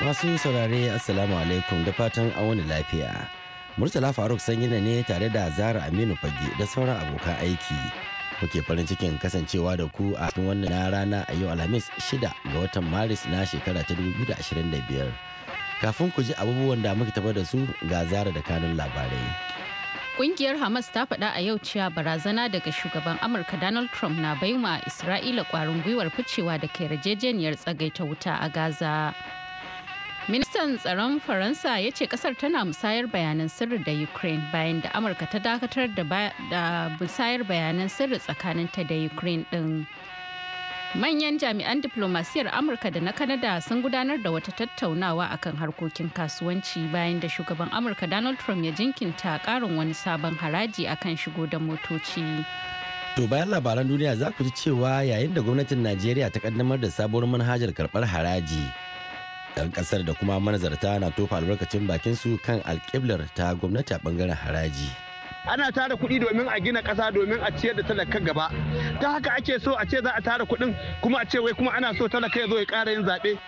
Masu saurare Assalamu alaikum da fatan an wani lafiya. Murtala Faruk Sanyina ne tare da Zara Aminu Fage da sauran abokan aiki. kuke farin cikin kasancewa da ku a cikin wannan rana a yau Alhamis shida ga watan Maris na shekara ta da biyar Kafin ku ji abubuwan da muke tafa da su ga Zara da kanun labarai. Kungiyar Hamas ta faɗa a yau cewa barazana daga shugaban Amurka Donald Trump na baiwa Isra'ila kwarin gwiwar ficewa da kai yarjejeniyar tsagaita wuta a Gaza. Ministan tsaron Faransa ya ce kasar tana musayar bayanan sirri da Ukraine bayan da Amurka ta dakatar da musayar bayanan sirri tsakanin ta da Ukraine din. Manyan jami'an diplomasiyar Amurka da na Kanada sun gudanar da wata tattaunawa akan harkokin kasuwanci bayan da shugaban Amurka Donald Trump ya jinkinta karin wani sabon haraji akan shigo da motoci. To bayan labaran duniya za ku ji cewa yayin da gwamnatin Najeriya ta kaddamar da sabuwar manhajar karbar haraji. 'yan kasar da kuma manazarta na tofa albarkacin bakin su kan alƙiblar ta gwamnati a bangaren haraji ana tara kuɗi domin a gina ƙasa domin a ciyar da talaka gaba ta haka ake so a ce za a tara kuɗin kuma a ce wai kuma ana so talaka ya zo ya ƙara yin zaɓe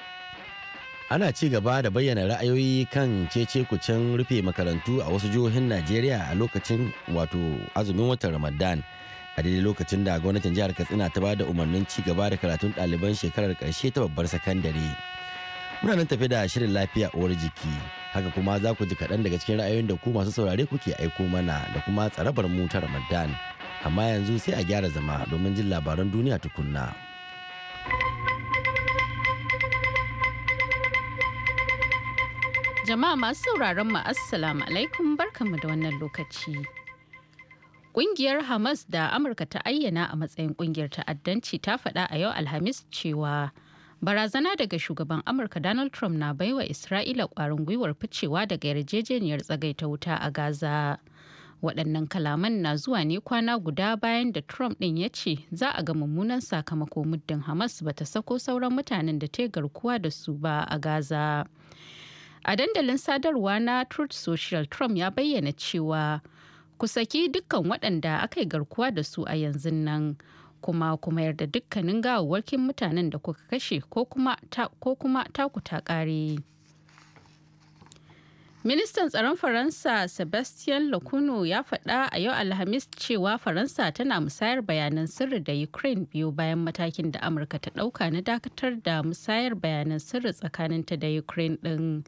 ana ci gaba da bayyana ra'ayoyi kan cece kucin rufe makarantu a wasu jihohin najeriya a lokacin wato azumin watan ramadan a daidai lokacin da gwamnatin jihar katsina ta ba da umarnin ci gaba da karatun ɗaliban shekarar ƙarshe ta babbar sakandare. muna nan tafi da shirin lafiya uwar jiki haka kuma za ku ji kaɗan daga cikin ra'ayoyin da ku masu saurare kuke aiko mana da kuma tsarabar mu ta ramadan amma yanzu sai a gyara zama domin jin labaran duniya tukunna. Jama'a masu sauraron mu assalamu alaikum barkanmu da wannan lokaci. ƙungiyar Hamas da Amurka ta ayyana a matsayin ƙungiyar ta'addanci ta faɗa a yau Alhamis cewa Barazana daga shugaban Amurka Donald Trump na baiwa Isra'ila kwarin gwiwar ficewa daga yarjejeniyar tsagaita wuta a Gaza. Waɗannan kalaman na zuwa ne kwana guda bayan da Trump ɗin ya ce za a ga mummunan sakamako muddin Hamas ba ta sako sauran mutanen da ta garkuwa da su ba a Gaza. A dandalin sadarwa na Truth Social, Trump ya bayyana cewa ku saki dukkan waɗanda aka yi garkuwa da su a yanzu nan. kuma kuma yarda dukkanin gawarwakin mutanen da kuka kashe ko kuma taku ta kare. Ministan tsaron Faransa Sebastian Lokuno ya faɗa a yau Alhamis cewa Faransa tana musayar bayanan sirri da Ukraine biyu bayan matakin da Amurka ta ɗauka na dakatar da musayar bayanan sirri tsakaninta da Ukraine ɗin.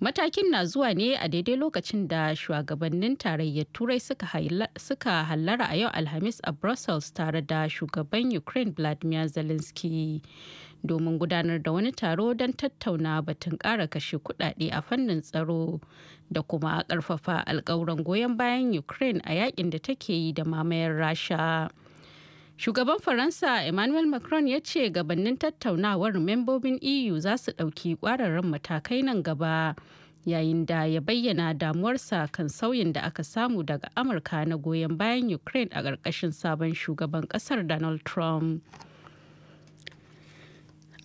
Matakin na zuwa ne a daidai lokacin da shugabannin tarayyar Turai suka hallara a yau Alhamis a Brussels tare da shugaban Ukraine Vladimir Zelensky domin gudanar da wani taro don tattauna batun ƙara kashe kudade a fannin tsaro da kuma karfafa alkawuran goyon bayan Ukraine a yakin da take yi da mamayar Rasha. Shugaban Faransa Emmanuel Macron ya ce gabanin tattaunawar membobin EU za su ɗauki ƙwararren matakai nan gaba yayin da ya bayyana damuwarsa kan sauyin da aka samu daga Amurka na goyon bayan Ukraine a ƙarƙashin sabon shugaban ƙasar Donald Trump.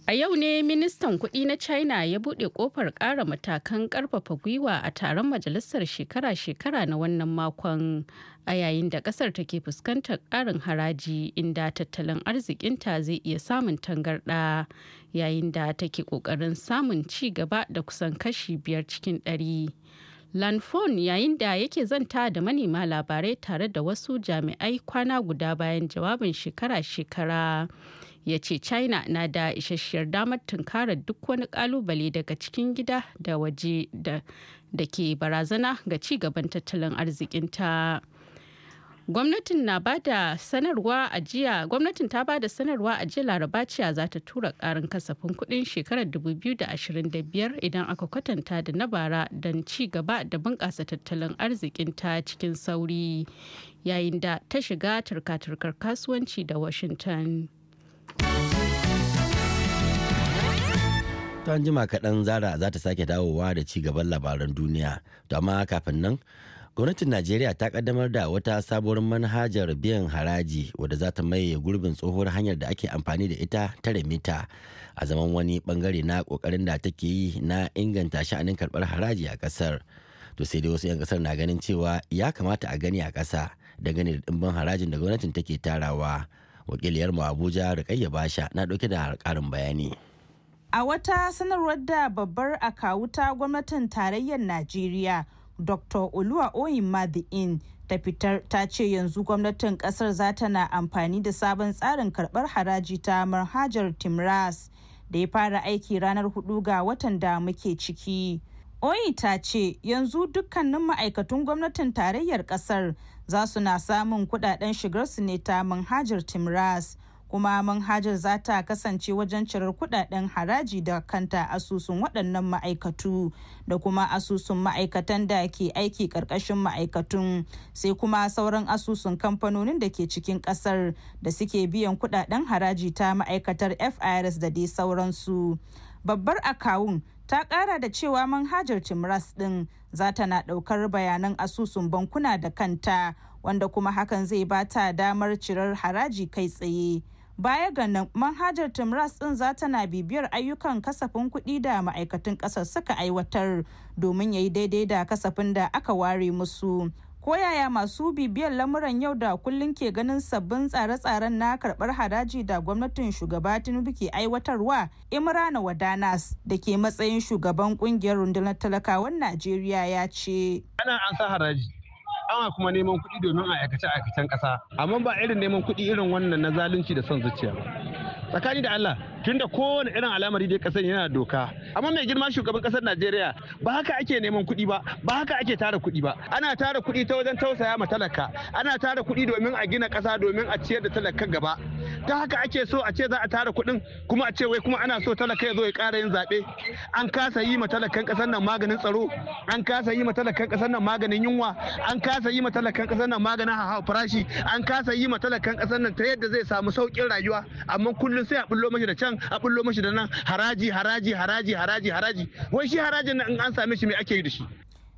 A yau ne ministan kuɗi na China ya buɗe ƙofar ƙara matakan ƙarfafa gwiwa a taron majalisar shekara-shekara na wannan makon a yayin da ƙasar take fuskantar ƙarin haraji inda tattalin arzikinta zai iya samun tangarɗa yayin da take ƙoƙarin samun ci gaba da kusan kashi biyar cikin ɗari. Lanfon yayin da yake zanta da manema labarai tare da wasu jami'ai kwana guda bayan jawabin shekara-shekara. ya ce china na da isasshiyar damar tunkarar duk wani kalubale daga cikin gida da waje da ke barazana ga ci gaban tattalin arzikinta. gwamnatin na bada sanarwa a jiya gwamnatin ta da sanarwa a jiya laraba cewa za ta tura karin kasafin kudin shekarar 2025 idan aka kwatanta da na bara don ci gaba da bunƙasa tattalin arzikin ta cikin sauri yayin da ta shiga turka-turkar kasuwanci da washington ta jima kaɗan zara za ta sake dawowa da ci gaban labaran duniya to amma kafin nan gwamnatin najeriya ta kaddamar da wata sabuwar manhajar biyan haraji wadda za ta maye gurbin tsohuwar hanyar da ake amfani da ita ta remita a zaman wani bangare na kokarin da take yi na inganta sha'anin karbar haraji a kasar to sai dai wasu 'yan kasar na ganin cewa ya kamata a gani a ƙasa dangane da ɗimbin harajin da gwamnatin take tarawa wakiliyar mu abuja rikayya basha na dauke da karin bayani a wata sanarwar da babbar akawuta gwamnatin tarayyar najeriya dr oluwa oyin ta fitar ta ce yanzu gwamnatin kasar za ta na amfani da sabon tsarin karbar haraji ta manhajar timras da ya fara aiki ranar hudu ga watan da muke ciki oyi ta ce yanzu dukkanin ma'aikatun gwamnatin tarayyar kasar za su na samun kudaden shigarsu ne ta manhajar timras kuma manhajar za ta kasance wajen cirar kudaden haraji da kanta asusun waɗannan ma'aikatu da kuma asusun ma'aikatan da ke aiki ƙarƙashin ma'aikatun sai kuma sauran asusun kamfanonin da ke cikin ƙasar da suke biyan kudaden haraji ta ma'aikatar firs da dai sauransu babbar akawun ta kara da cewa manhajar timras din zata na daukar bayanan asusun bankuna da kanta wanda kuma hakan zai ba ta damar cirar haraji kai tsaye baya ga nan manhajar timras din za na bibiyar ayyukan kasafin kuɗi da ma'aikatan ƙasar suka aiwatar domin ya yi daidai da kasafin da aka ware musu Koyaya masu bibiyar lamuran yau da kullun ke ganin sabbin tsare-tsaren na karbar haraji da gwamnatin shugaba tinubu ke aiwatarwa imrana wadanas da ke matsayin shugaban kungiyar rundunar talakawan najeriya ya ce ana an sa haraji ana kuma neman kuɗi domin a aikace aikacen ƙasa amma ba irin neman kuɗi irin wannan na zalunci da son zuciya ba tsakani da allah tunda kowane irin al'amari dai kasan yana doka amma mai girma shugaban kasar najeriya ba haka ake neman kuɗi ba ba haka ake tara kuɗi ba ana tara kuɗi ta wajen tausaya ma talaka ana tara kuɗi domin a gina ƙasa domin a ciyar da talaka gaba ta haka ake so a ce za a tara kuɗin kuma a ce wai kuma ana so talaka ya zo ya ƙara yin zaɓe an kasa yi ma talakan ƙasar nan maganin tsaro an kasa yi ma talakan ƙasar nan maganin yunwa an kasa yi ma talakan ƙasar nan maganin hawa farashi an kasa yi ma talakan ƙasar nan ta yadda zai samu sauƙin rayuwa amma kullum sai a bullo mashi da can nan a bullo mashi da nan haraji haraji haraji haraji haraji wai shi harajin nan in an same shi me ake yi da shi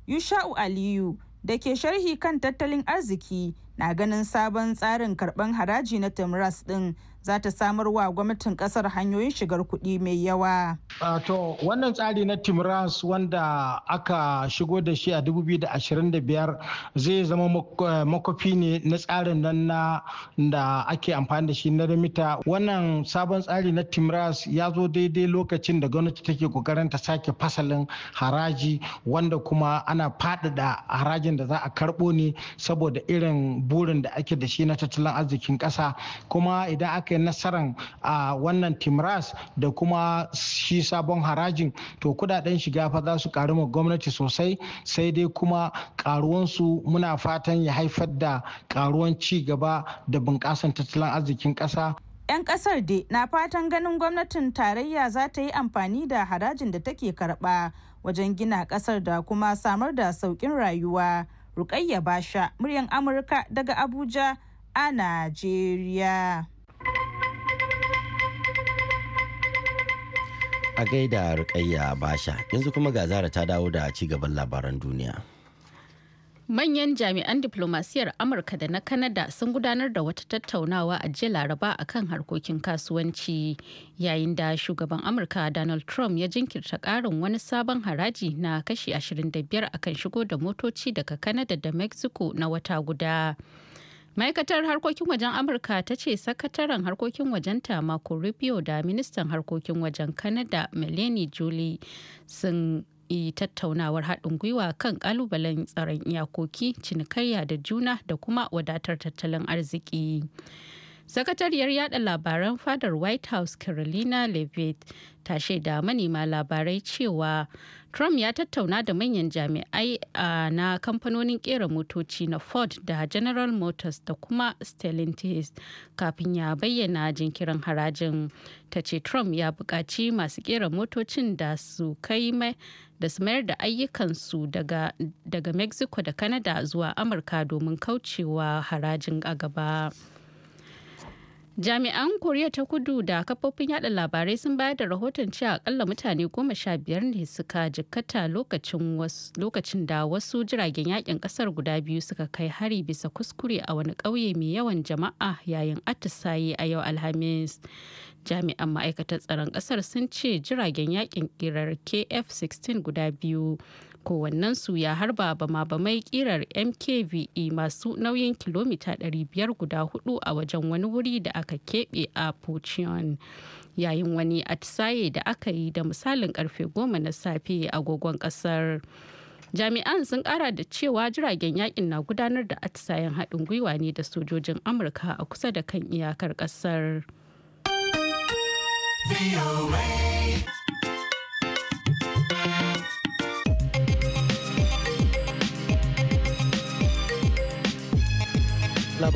yusha'u aliyu da ke sharhi kan tattalin arziki na ganin sabon tsarin karban haraji na timras din za ta samar wa gwamnatin kasar hanyoyin shigar kuɗi mai yawa. to wannan tsari na timras wanda aka shigo da shi a 2025 zai zama eh, makofi ne na tsarin nan na da ake amfani da shi na remita wannan sabon tsari na timras ya zo daidai lokacin da gwamnati take kokarin ta sake fasalin haraji wanda kuma ana faɗaɗa harajin da za a karɓo ne saboda irin burin da ake da shi na tattalin arzikin ƙasa kuma idan aka yi nasarar a wannan timras da kuma shi sabon harajin to kudaden shiga fa za su karu ma gwamnati sosai sai dai kuma karuwansu muna fatan ya haifar da karuwan ci gaba da bunƙasan tattalin arzikin ƙasa 'yan kasar dai na fatan ganin gwamnatin tarayya za ta yi amfani da harajin da take karba wajen gina kasar da kuma samar da saukin rayuwa Rukayya Basha, muryan Amurka daga Abuja a Najeriya. A gaida Rukayya Basha, yanzu kuma ga zara ta dawo da ci gaban labaran duniya. Manyan jami'an diplomasiyar Amurka da na Kanada sun gudanar da wata tattaunawa a jiya Laraba akan harkokin kasuwanci yayin da shugaban Amurka Donald Trump ya jinkirta ƙarin wani sabon haraji na kashi 25 akan shigo da motoci daga Kanada da Mexico na wata guda. ma'aikatar harkokin wajen amurka ta ce sakataren harkokin wajenta marco rubio da ministan harkokin wajen Kanada, melanie julie sun e tattaunawar haɗin gwiwa kan ƙalubalen tsaron iyakoki cinikayya da juna da kuma wadatar tattalin arziki sakatariyar yada labaran fadar white house carolina levitt ta shaida manema labarai cewa trump ya tattauna da manyan jami'ai na kamfanonin kera motoci na ford da general motors da kuma stellantis kafin ya bayyana jinkirin harajin ta ce trump ya buƙaci masu kera motocin da su kai mai da su mayar da ayyukansu daga, daga mexico da canada zuwa amurka domin kaucewa harajin a gaba. Jami'an Koriya ta kudu da kafofin yada labarai sun bayar da rahoton cewa akalla mutane goma sha biyar ne suka jikkata lokacin da wasu jiragen yakin kasar guda biyu suka kai hari bisa kuskure a wani ƙauye mai yawan jama'a yayin atisaye a yau Alhamis. Jami'an ma'aikatar tsaron kasar sun ce jiragen yakin kirar KF-16 guda biyu su ya harba ba mai kirar mkve masu nauyin kilomita 500 guda hudu a wajen wani wuri da aka keɓe a pocheon yayin wani atisaye da aka yi da misalin karfe goma na safe agogon kasar jami'an sun kara da cewa jiragen yakin na gudanar da atisayen haɗin gwiwa ne da sojojin amurka a kusa da kan iyakar kasar.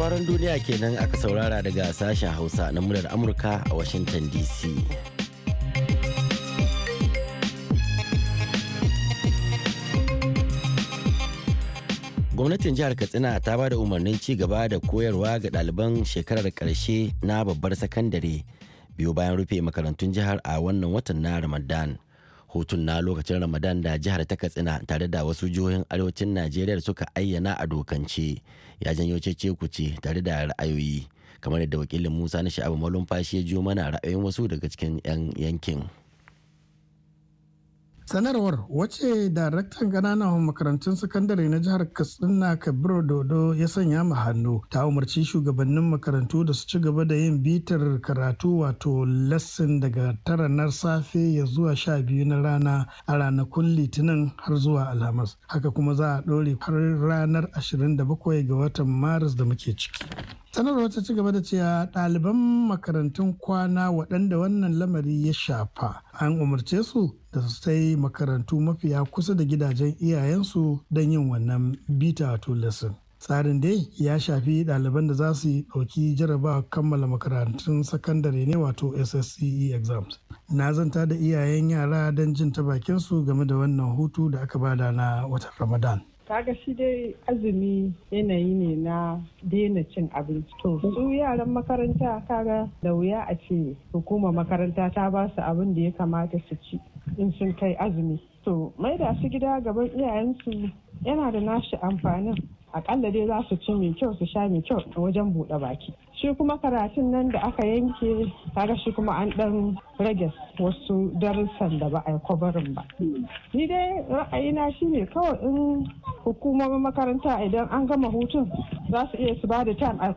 labaran duniya kenan aka saurara daga sashen hausa na murar amurka a washington dc gwamnatin jihar katsina ta ba da umarnin ci gaba da koyarwa ga ɗaliban shekarar ƙarshe na babbar sakandare biyu bayan rufe makarantun jihar a wannan watan na ramadan hutun na lokacin ramadan da jihar ta katsina tare da wasu jihohin arewacin najeriya suka ayyana a dokance ya janyo cece kuce tare da ra'ayoyi kamar yadda wakilin musa na sha'abu malumfashi ya jiyo mana ra'ayoyin wasu daga cikin 'yan yankin sanarwar wace daraktan ƙananan makarantun sakandare na jihar katsina kabir dodo ya sanya ma hannu ta umarci shugabannin makarantu da su ci gaba da yin bitar karatu wato lesson daga tara na safe ya zuwa sha biyu na rana a ranakun litinin har zuwa alhamis haka kuma za a ɗore har ranar 27 ga watan maris da muke ciki sanarwa ta ci gaba da cewa ɗaliban makarantun kwana waɗanda wannan lamari ya shafa an umarce su da su sai makarantu mafiya kusa da gidajen iyayensu don yin wannan bita to lesson tsarin dai ya shafi ɗaliban da za su ɗauki jaraba kammala makarantun sakandare ne wato ssce exams na zanta da iyayen yara don jin ta bakinsu game da wannan hutu da aka bada na watan ramadan kaga shi dai azumi yanayi ne na daina cin abinci to su yaran makaranta kaga da wuya a ce hukumar makaranta ta ba su abin da ya kamata su ci in sun kai azumi to mai da su gida gaban iyayensu yana da nashi amfanin akalla dai za su ci mai kyau su sha mai kyau a wajen buɗe baki shi kuma karatun nan da aka yanke kaga shi kuma an ɗan rage wasu darussan da ba a yi kwabarin ba ni dai ra'ayina shi ne kawai in hukumomin makaranta idan an gama hutun za su iya su ba da time a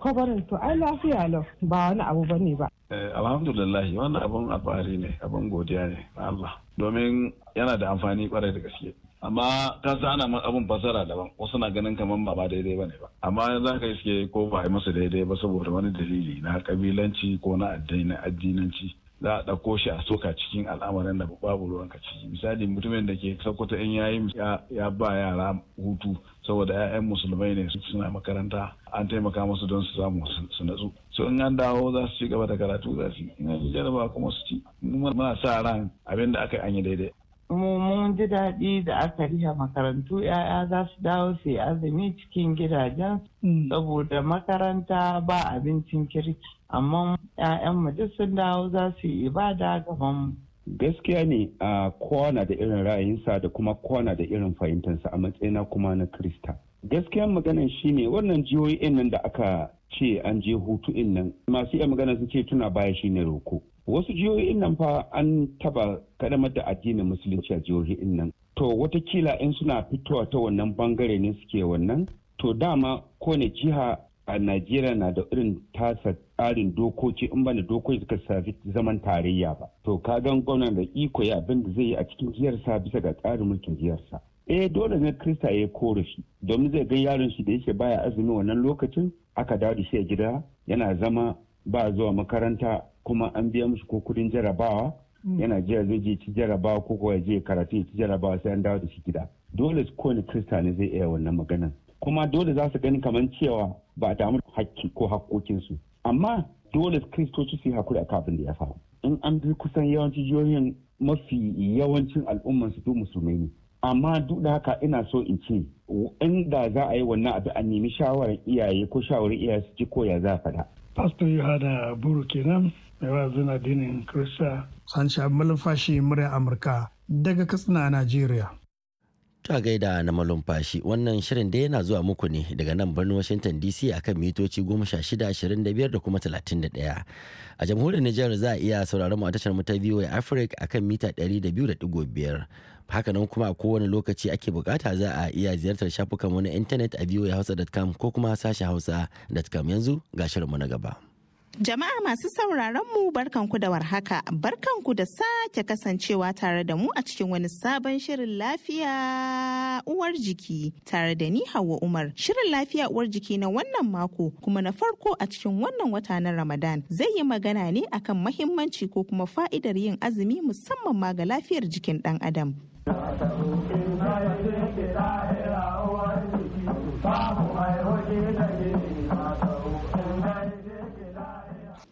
to ai lafiya lau ba wani abu ba ne ba eh, alhamdulillah wannan abun alfahari ne abun godiya ne Allah domin yana da amfani kwarai da gaske amma ka san ana abin fasara daban wasu na ganin kamar ba ba daidai bane ba amma za ka iske ko ba yi masa daidai ba saboda wani dalili na kabilanci ko na addinanci za a ɗauko shi a soka cikin al'amarin da babu ruwan ka ciki misali mutumin da ke sokoto in yayi ya ba yara hutu saboda 'ya'yan musulmai ne suna makaranta an taimaka musu don su samu su natsu so in an dawo za su ci gaba da karatu za su in an jaraba kuma su ci muna sa ran abin da aka yi an yi daidai mun ji daɗi da aka riha makarantu 'ya'ya za su dawo su azumi cikin gidajen hmm. saboda makaranta ba abincin kirki amma ‘ya’yan duk sun dawo za su yi ibada gaban gaskiya ne a kona da irin ra'ayinsa da kuma kona da irin fahimtarsa a matsayina kuma na krista gaskiyan maganan shine wannan jihohi nan da aka ce an je hutu nan masu iya magana sun ce tuna baya shine roko wasu jihohin nan fa an taba kadamar da addinin musulunci a jihohin nan to watakila in suna fitowa ta wannan bangare ne suke wannan to dama kone jiha a najeriya na da irin tasa tsarin dokoki in bana dokoki suka safi zaman tarayya ba to ka gan gwamnan da iko ya abin da zai yi a cikin jiyarsa bisa ga tsarin mulkin jiyarsa eh dole ne krista ya korafi domin zai ga yaron shi da yake baya azumi wannan lokacin aka dawo da shi a gida yana zama ba zuwa makaranta kuma an biya musu ko kudin jarabawa mm. yana jiya zai je ci jarabawa ko kuwa je karatu ya ci jarabawa sai an dawo da shi gida dole kowane krista ne zai iya wannan maganan kuma dole za su gani kamar cewa ba a damu hakki ko hakkokinsu amma dole kristoci su yi hakuri a kafin da ya faru in an bi kusan yawanci jihohin mafi yawancin al'umman su duk musulmai ne amma duk da haka ina so in ce inda za a yi wannan abu a nemi shawarar iyaye ko shawarar iyaye su ji koya ya za faɗa. pastor yohana buru kenan mai wa'azin addinin Kirista. Sanshi Malumfashi murya Amurka daga Katsina a Najeriya. Ta gaida na malumfashi wannan shirin da yana zuwa muku ne daga nan birnin Washington DC akan mitoci 1625 da kuma 31. A jamhuriyar Nijar za a iya sauraron mu a tashar mu ta VOA Africa akan mita 200.5. hakanan kuma a kowane lokaci ake bukata za a iya ziyartar shafukanmu na intanet a voahausa.com ko kuma sashen hausa.com yanzu ga mu na gaba. Jama'a masu sauraron mu barkanku da warhaka, barkanku da sake kasancewa tare da mu a cikin wani sabon shirin lafiya uwar jiki tare da ni Hauwa Umar. Shirin lafiya uwar jiki na wannan mako kuma na farko a cikin wannan wata na Ramadan zai yi magana ne akan mahimmanci ko kuma fa'idar yin azumi musamman ma ga lafiyar jikin ɗan adam.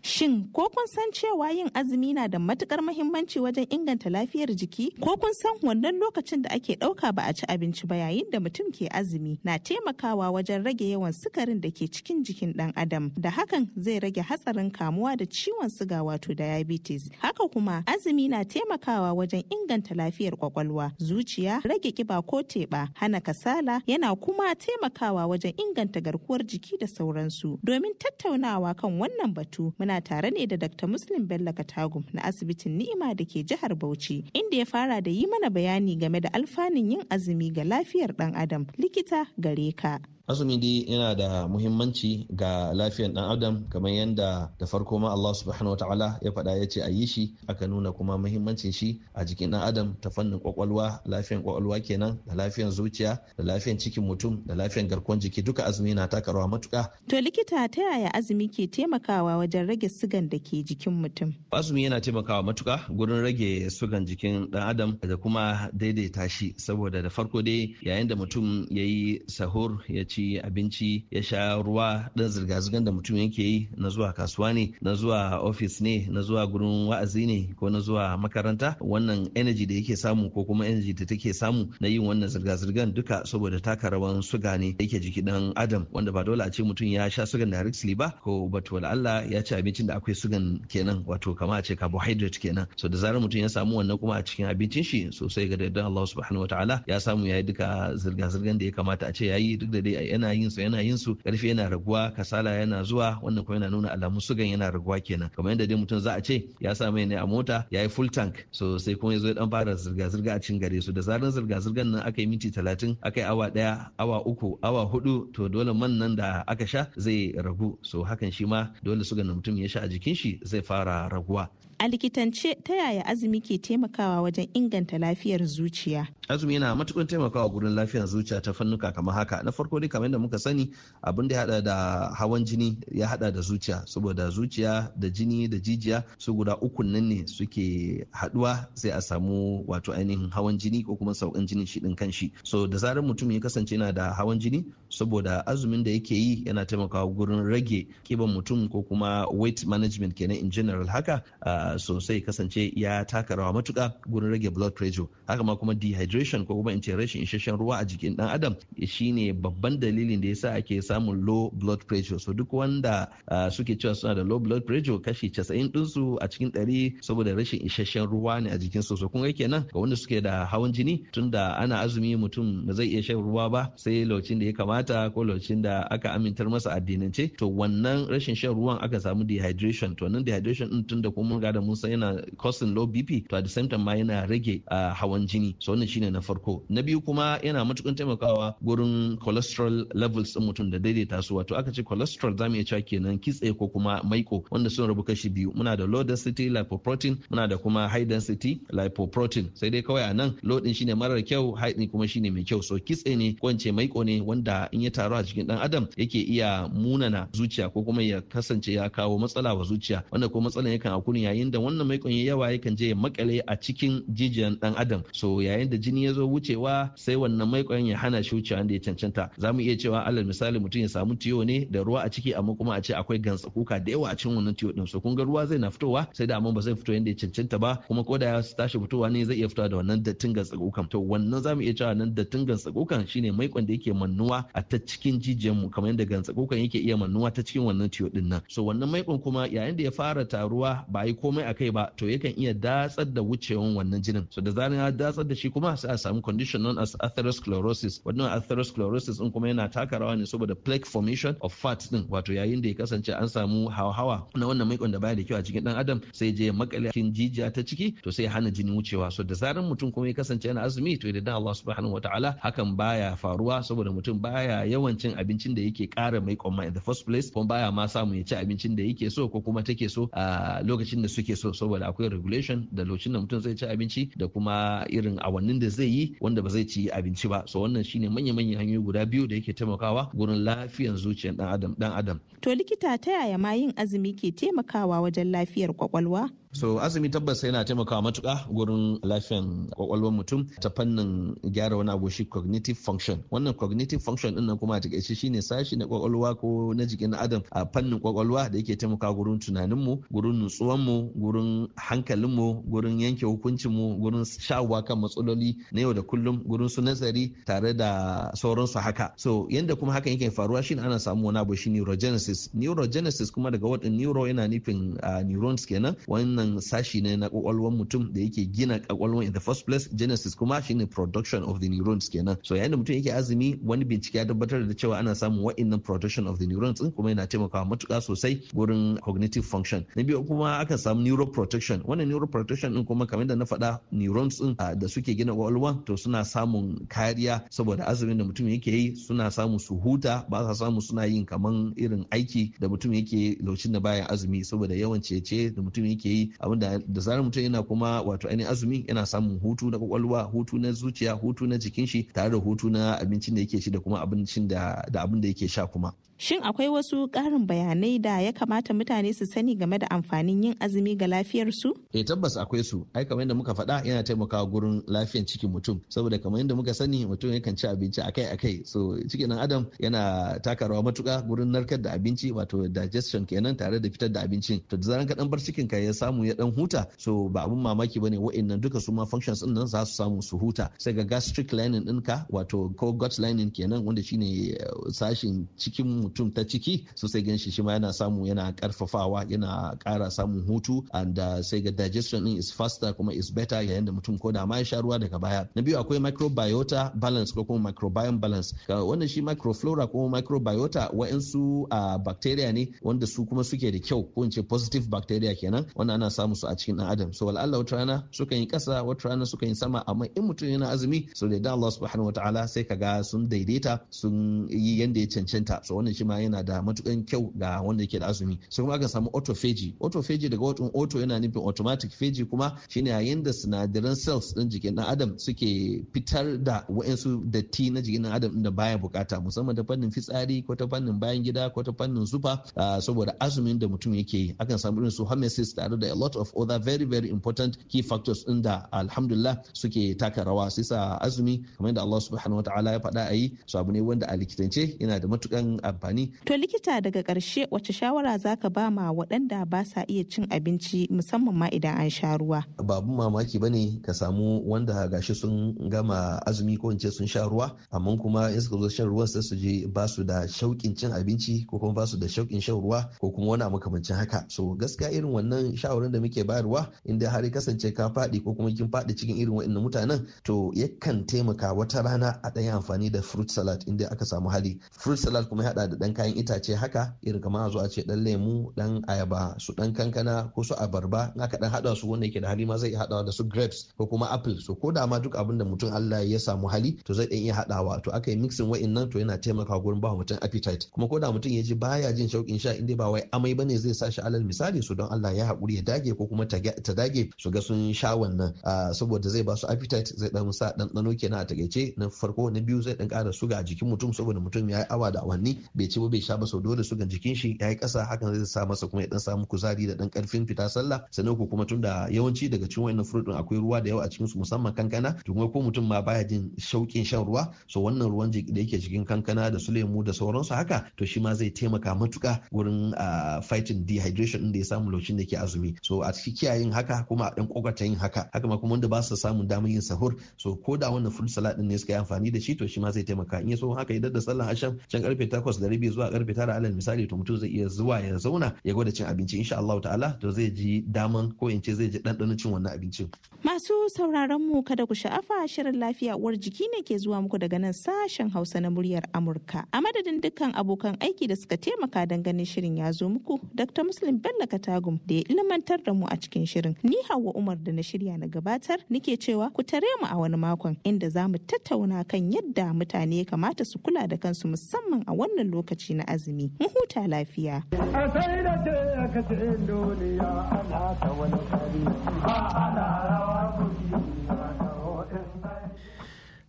Shin ko kun san cewa yin azumi na da matukar muhimmanci wajen inganta lafiyar jiki? Ko kun san wannan lokacin da ake ɗauka ba a ci abinci ba yayin da mutum ke azumi na taimakawa wajen rage yawan sukarin da ke cikin jikin ɗan adam da hakan zai rage hatsarin kamuwa da ciwon suga wato diabetes. Haka kuma azumi na taimakawa wajen inganta lafiyar kwakwalwa, zuciya, rage kiba ko teɓa, hana kasala yana kuma taimakawa wajen inganta garkuwar jiki da sauransu. Domin tattaunawa kan wannan batu muna muna tare ne da Dr. Muslim Bello Katagum na asibitin Ni'ima da ke jihar Bauchi, inda ya fara da yi mana bayani game da alfanun yin azumi ga lafiyar ɗan Adam. Likita gare ka. azumi dai yana da muhimmanci ga lafiyar dan adam kamar yadda da farko ma Allah subhanahu wataala ya faɗa ya ce a yi shi aka nuna kuma muhimmancin shi a jikin dan adam ta fannin kwakwalwa lafiyar kwakwalwa kenan da lafiyar zuciya da lafiyar cikin mutum da lafiyar garkuwar jiki duka azumi na taka rawa matuka to likita ta yaya azumi ke taimakawa wajen rage sugan da ke jikin mutum azumi yana taimakawa matuka gurin rage sugan jikin dan adam da kuma daidaita shi saboda da farko dai yayin da mutum ya yi sahur ya ci ci abinci ya sha ruwa dan zirga-zirgar da mutum yake yi na zuwa kasuwa ne na zuwa ofis ne na zuwa gurin wa'azi ne ko na zuwa makaranta wannan energy da yake samu ko kuma energy da take samu na yin wannan zirga-zirgar duka saboda taka rawan suga ne da yake jiki dan adam wanda ba dole a ce mutum ya sha sugan directly ba ko batu Allah ya ci abincin da akwai sugan kenan wato kama a ce carbohydrate kenan so da zarar mutum ya samu wannan kuma a cikin abincin shi sosai ga da Allah subhanahu wataala ya samu ya yi duka zirga-zirgar da ya kamata a ce yi duk da dai yana yin su yana yin su karfi yana raguwa kasala yana zuwa wannan kuma yana nuna alamun sugan yana raguwa kenan kamar yadda dai mutum za a ce ya sa mai ne a mota ya yi full tank so sai kuma ya zo ya dan fara zirga zirga a cikin gare su da zaran zirga zirgan nan aka yi minti talatin aka yi awa daya awa uku awa hudu to dole man nan da aka sha zai ragu so hakan shi ma dole sugan na mutum ya sha a jikin shi zai fara raguwa A likitance ta yaya azumi ke taimakawa wajen inganta lafiyar zuciya? Azumi yana matukan taimakawa gurin lafiyar zuciya ta fannuka kamar haka. Na farko dai kamar yadda muka sani abin da ya hada da hawan jini ya hada da zuciya saboda zuciya da jini da jijiya su guda uku nan ne suke haduwa sai a samu wato ainihin hawan jini ko kuma saukan jini shi din kanshi. So da zarar mutum ya kasance yana da hawan jini saboda azumin da yake yi yana taimakawa gurin rage kiban mutum ko kuma weight management kenan in general haka. Uh, sosai kasance ya taka rawa matuka gurin rage blood pressure haka ma kuma dehydration ko kuma in ce rashin isasshen ruwa a jikin dan adam shine babban dalilin da yasa ake samun low blood pressure so duk wanda suke cewa suna da low blood pressure kashi 90 su a cikin 100 saboda rashin isasshen ruwa ne a jikin su so kun ga kenan ga wanda suke da hawan jini tunda ana azumi mutum ba zai iya shan ruwa ba sai lokacin da ya kamata ko lokacin da aka amintar masa addinance to wannan rashin shan ruwan aka samu dehydration to wannan dehydration din tunda kuma mun ga da mun yana causing low bp to at the same time ma yana rage a hawan jini so wannan shine na farko na biyu kuma yana matukan taimakawa gurin cholesterol levels din mutum da daidaita su wato aka ce cholesterol zamu iya cewa kenan kitse ko kuma maiko wanda sun rabu kashi biyu muna da low density lipoprotein muna da kuma high density lipoprotein sai dai kawai a nan low din shine marar kyau high din kuma shine mai kyau so kitse ne ko ince maiko ne wanda in ya taru a cikin dan adam yake iya munana zuciya ko kuma ya kasance ya kawo matsala wa zuciya wanda ko matsalan yakan akuni yayin da wannan mai ya yawa yakan je ya makale a cikin jijiyan dan adam so yayin da jini ya zo wucewa sai wannan kunya ya hana shi wucewa da ya cancanta za mu iya cewa alal misali mutum ya samu tiyo ne da ruwa a ciki amma kuma a ce akwai gantsa kuka da yawa a cikin wannan tiyo din so kun ga ruwa zai na fitowa sai da amma ba zai fito yadda ya cancanta ba kuma ko da ya tashi fitowa ne zai iya fitowa da wannan dattin gantsa kukan to wannan za mu iya cewa nan dattin gantsa kukan shine maikon da yake mannuwa a ta cikin jijiyan mu kamar yadda gantsa kukan yake iya mannuwa ta cikin wannan tiyo din nan so wannan kunya kuma yayin da ya fara taruwa ba yi komai komai a kai ba to yakan iya datsar da wucewan wannan jinin so da zarin ya datsar da shi kuma sai a samu condition known as atherosclerosis wannan atherosclerosis din kuma yana taka rawa ne saboda plaque formation of fat din wato yayin da ya kasance an samu hawa na wannan maikon da baya da kyau a cikin dan adam sai je ya makale cikin jijiya ta ciki to sai hana jini wucewa so da zarin mutum kuma ya kasance yana azumi to idan Allah subhanahu wataala hakan baya faruwa saboda mutum baya yawan cin abincin da yake kara maikon ma in the first place kuma baya ma samu ya ci abincin da yake so ko kuma take so a lokacin da su suke so saboda akwai regulation da lokacin da mutum zai ci abinci da kuma irin awannin da zai yi wanda ba zai ci abinci ba so wannan shine manya-manyan hanyoyi guda biyu da yake taimakawa gurin lafiyar zuciyar dan adam dan adam to likita ta yaya ma yin azumi ke taimakawa wajen lafiyar kwakwalwa so azumi tabbas yana taimakawa matuka gurin lafiyan kwakwalwar mutum ta fannin gyara wani abu shi cognitive function wannan cognitive function din nan kuma a takaice shine sashi na kwakwalwa ko na jikin adam a fannin kwakwalwa da yake taimakawa gurin tunanin mu gurin mu gurin hankalinmu gurin yanke hukuncinmu gurin shawuwa kan matsaloli na yau da kullum gurin su nazari tare da sauransu haka so yanda kuma haka yake faruwa shine ana samu wani abu shine neurogenesis neurogenesis kuma daga wadin neuro yana nufin neurons kenan wannan sashi ne na kwakwalwar mutum da yake gina kwakwalwar in the first place genesis kuma shine production of the neurons kenan so yayin da mutum yake azumi wani bincike ya tabbatar da cewa ana samun wa'innan production of the neurons din kuma yana taimakawa matuka sosai gurin cognitive function na biyu kuma aka samu neuroprotection wannan neuroprotection din kuma kamar da na faɗa neurons din ah, da suke gina kwakwalwa to suna samun kariya saboda azumin da mutum yake yi suna samu su huta ba sa samu suna yin kaman irin aiki da mutum yake lokacin da bayan azumi saboda yawan cece da mutum yake yi abinda da zarar mutum yana kuma wato ainihin azumi yana samun hutu na kwakwalwa hutu na zuciya hutu na jikin shi tare da hutu na abincin da yake ci da kuma abincin da abin da yake sha kuma Shin akwai wasu ƙarin bayanai da ya kamata mutane su sani game da amfanin yin azumi ga lafiyarsu? Eh tabbas akwai su. Ai kamar yadda muka faɗa yana taimakawa gurin lafiyar cikin mutum. Saboda kamar yadda muka sani mutum yakan ci abinci akai-akai. So cikin nan adam yana taka rawa matuƙa gurin narkar da abinci wato digestion kenan tare da fitar da abincin. To da zaran ka dan bar cikin ka ya samu ya dan huta. So ba abun mamaki bane wa'annan duka su ma functions din nan za su samu su huta. Sai ga gastric lining ɗinka wato ko gut lining kenan wanda shine eh, sashin cikin mutum ta ciki so sai ganshi shi ma yana samu yana karfafawa yana kara samun hutu and uh, sai ga digestion din is faster kuma is better yayin da mutum ko da ma ya sha ruwa daga baya na biyu akwai microbiota balance ko kuma microbiome balance wannan shi microflora ko microbiota wa'insu uh, bacteria ne wanda su kuma suke da kyau ko ce positive bacteria kenan wannan ana samu su a cikin dan adam so allah wata rana sukan yi kasa wata rana sukan yi sama amma in mutum yana azumi so da Allah subhanahu wataala sai kaga sun daidaita sun yi yanda ya cancanta so wannan ce ma yana da matukan kyau ga wanda yake da azumi sai kuma aka samu autophagy autophagy daga wato auto yana nufin automatic phagy kuma shine yayin da sinadaran cells din jikin dan adam suke fitar da wa'ansu datti na jikin dan adam da baya bukata musamman da fannin fitsari ko ta fannin bayan gida ko ta fannin zufa saboda azumin da mutum yake yi akan samu irin su homeostasis tare da a lot of other very very important key factors din da alhamdulillah suke taka rawa sai sa azumi kamar da Allah subhanahu wataala ya faɗa a yi su abu ne wanda a likitance yana da matukan amfani. To likita daga karshe wace shawara za ka ba ma waɗanda ba sa iya cin abinci musamman ma idan an sha ruwa? babu mamaki ba ne ka samu wanda gashi sun gama azumi ko ce sun sha ruwa amma kuma in suka zo shan ruwa sai su je ba su da shauƙin cin abinci ko kuma ba su da shauƙin shan ruwa ko kuma wani makamancin haka. So gaskiya irin wannan shawarin da muke bayarwa inda har kasance ka faɗi ko kuma kin faɗi cikin irin waɗannan mutanen to yakan taimaka wata rana a ɗaya amfani da fruit salad inda aka samu hali. Fruit salad kuma ya haɗa da dan kayan itace haka irin kamar a zo a ce dan lemu dan ayaba su dan kankana ko su abarba in aka dan hada su wanda yake da hali ma zai iya haɗawa da su grapes ko kuma apple so ko da ma duk abin da mutum Allah ya samu hali to zai iya haɗawa. to aka yi mixing wa'annan to yana taimakawa gurin ba mutum appetite kuma ko da mutum ya ji baya jin shauƙin sha in inda ba wai amai ba ne zai sa shi alal misali su don Allah ya haƙuri ya dage ko kuma ta dage su ga sun sha wannan ah, saboda zai ba su appetite zai dan sa ɗanɗano kenan a takaice na farko na biyu zai dan ƙara suga a jikin mutum saboda mutum ya yi awa da awanni bai ci ba bai sha ba sau dole sugan jikin shi ya yi ƙasa hakan zai sa masa kuma ya dan samu kuzari da dan ƙarfin fita sallah sannan ko kuma tunda yawanci daga cikin wannan fruit din akwai ruwa da yawa a cikin su musamman kankana to kuma ko mutum ma baya jin shauƙin shan ruwa so wannan ruwan da yake cikin kankana da su lemu da sauransu haka to shi ma zai taimaka matuka wurin fighting dehydration din da ya samu lokacin da ke azumi so a cikin kiyayen haka kuma a dan kokarta yin haka haka ma kuma wanda ba su samun damar yin sahur so ko da wannan fruit salad din ne suka yi amfani da shi to shi ma zai taimaka in ya so haka idan da sallan asham can karfe 8 da rabi zuwa karfe tara alal misali to mutum zai iya zuwa ya zauna ya gwada cin abinci insha Allah ta'ala to zai ji daman ko in ce zai ji dandanon cin wannan abincin. Masu sauraron mu kada ku sha'afa shirin lafiya uwar jiki ne ke zuwa muku daga nan sashen Hausa na muryar Amurka. A madadin dukkan abokan aiki da suka taimaka don ganin shirin ya zo muku Dr. Muslim Bello Katagum da ya ilmantar da mu a cikin shirin. Ni Hauwa Umar da na shirya na gabatar nike cewa ku tare mu a wani makon inda za mu tattauna kan yadda mutane ya kamata su kula da kansu musamman a wannan lokacin. lokaci na azumi mu huta lafiya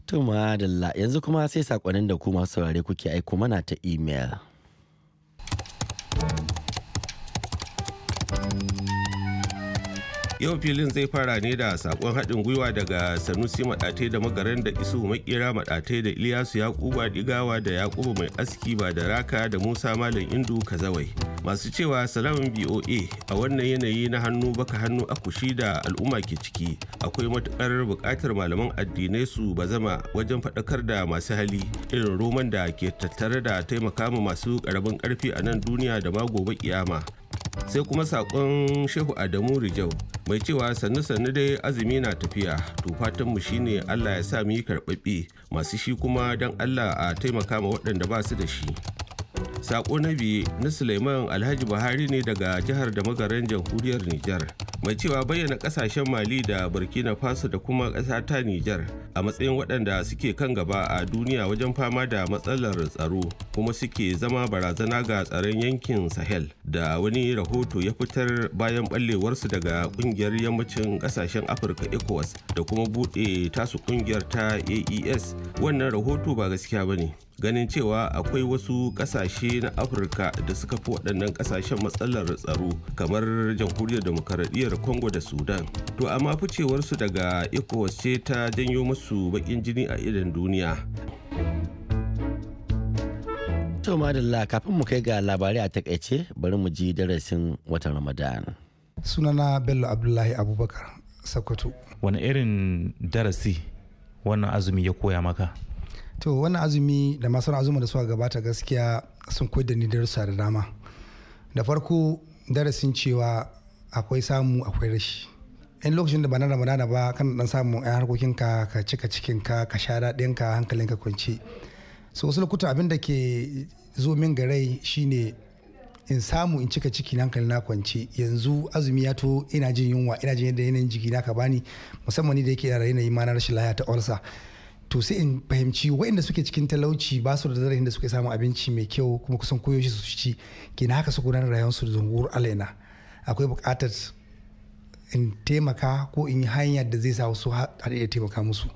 tumadala yanzu kuma sai sakonin da ku masu saurare kuke aiko mana ta imel. yau filin zai fara ne da sakon haɗin gwiwa daga sanusi maɗatai da magaran da isu makera maɗatai da iliyasu yakuba ɗigawa da yakubu mai aski ba da raka da musa malam indu kazawai masu cewa salamin boa a wannan yanayi na hannu baka hannu akushi da al'umma ke ciki akwai matukar buƙatar malaman addinai su ba zama wajen faɗakar da masu hali irin roman da ke tattare da taimaka masu ƙaramin karfi a nan duniya da ma gobe kiyama sai kuma saƙon shehu adamu rijau mai cewa sannu-sannu dai azumi na tafiya to fatanmu shine allah ya sa mu yi karɓaɓe masu shi kuma don allah a taimaka ma waɗanda ba su da shi Sako na biyu na Suleiman Alhaji Buhari ne daga jihar da magaran jamhuriyar Nijar. Mai cewa bayyana kasashen Mali da Burkina Faso da kuma ƙasa ta Nijar a matsayin waɗanda suke kan gaba a duniya wajen fama da matsalar tsaro kuma suke zama barazana ga tsaron yankin Sahel da wani rahoto ya fitar bayan ɓallewarsu daga ƙungiyar yammacin ƙasashen Afirka ECOWAS da kuma buɗe tasu ƙungiyar ta AES wannan rahoto ba gaskiya ba ne. ganin cewa akwai wasu kasashe na afirka da suka fi waɗannan kasashen matsalar tsaro kamar jamhuriyar demokaradiyyar congo da sudan to amma ficewarsu daga ecowas ce ta janyo masu bakin jini a idan duniya to madalla kafin mu kai ga labarai a takaice bari mu ji darasin watan ramadan sunana bello abdullahi abubakar sokoto wani irin darasi wannan azumi ya koya maka to wannan azumi da masu azumi da suka gabata gaskiya sun koyar da ni darussa da dama da farko darasin cewa akwai samu akwai rashi in lokacin da ba na ramadana ba kan dan samu yan harkokinka ka cika cikinka ka sha hankalin hankalinka kwance so wasu lokuta abin da ke zo min ga rai shine in samu in cika ciki na hankali na kwance yanzu azumi ya to ina jin yunwa ina jin yadda yanayin jiki na ka bani musamman ni da yake da yanayi ma na rashin lafiya ta olsa to sai in fahimci waɗanda suke cikin talauci ba su da zarafin da suke samun abinci mai kyau kuma kusan koyaushe su ci kina haka su gudanar rayuwarsu da zungur alaina akwai buƙatar in taimaka ko in yi hanyar da zai sa wasu har iya taimaka musu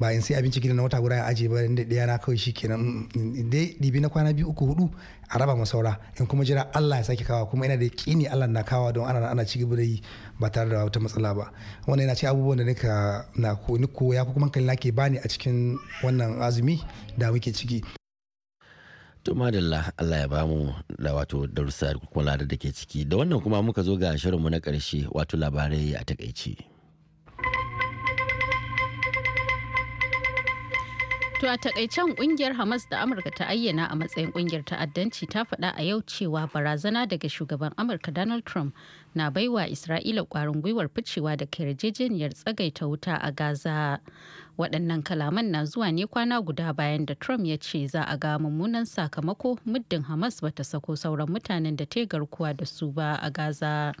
ba in sai abinci gidan na wata guda ya ajiye ba inda ɗaya na kawai shikenan dai dibi na kwana biyu uku hudu a raba masaura saura in kuma jira Allah ya sake kawa kuma ina da kini Allah na kawa don ana ana ci gaba da yi ba tare da wata matsala ba wannan yana ce abubuwan da nika na ko ni koya ko kuma kallon ke bani a cikin wannan azumi da muke ciki to madalla Allah ya bamu da wato darussa kuma da ke ciki da wannan kuma muka zo ga shirinmu na karshe wato labarai a takaice. To a takaicen kungiyar Hamas da Amurka ta ayyana a matsayin kungiyar ta'addanci ta faɗa a yau cewa barazana daga shugaban Amurka Donald Trump na baiwa Isra'ila kwarin gwiwar ficewa da yarjejeniyar tsagaita wuta a Gaza. Waɗannan kalaman na zuwa ne kwana guda bayan da Trump ya ce za a ga mummunan sakamako muddin Hamas bata sako sauran mutanen da ta garkuwa da su ba a Gaza.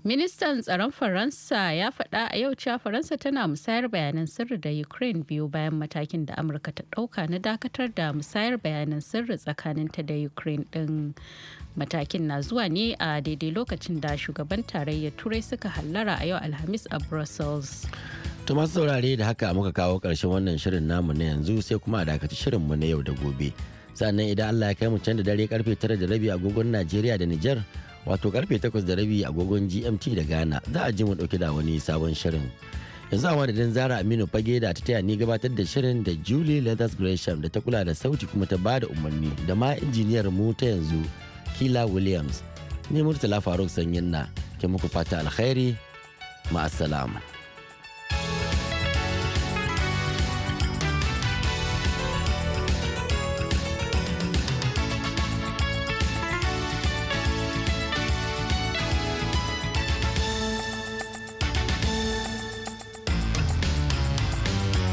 Ministan tsaron Faransa ya faɗa a yau cewa Faransa tana musayar bayanan sirri da Ukraine biyu bayan matakin da Amurka ta ɗauka na dakatar da musayar bayanan sirri tsakaninta da Ukraine ɗin. Matakin na zuwa ne a daidai lokacin da shugaban tarayyar Turai suka hallara a yau Alhamis a Brussels. To masu saurare da haka muka kawo ƙarshen wannan shirin namu na yanzu sai kuma a dakaci mu na yau da gobe. Sannan idan Allah ya kai mu can da dare karfe tara da rabi agogon Najeriya da Nijar. wato karfe 8 da rabi agogon gmt da ghana za a ji mu dauke da wani sabon shirin yanzu a madadin zara aminu fage da ta taya ni gabatar da shirin da julie leathers gresham da ta kula da sauti kuma ta da umarni da ma injiniyar mu ta yanzu kila williams ne murtala faruk sanyin na ke muku fata alkhairi ma'asalama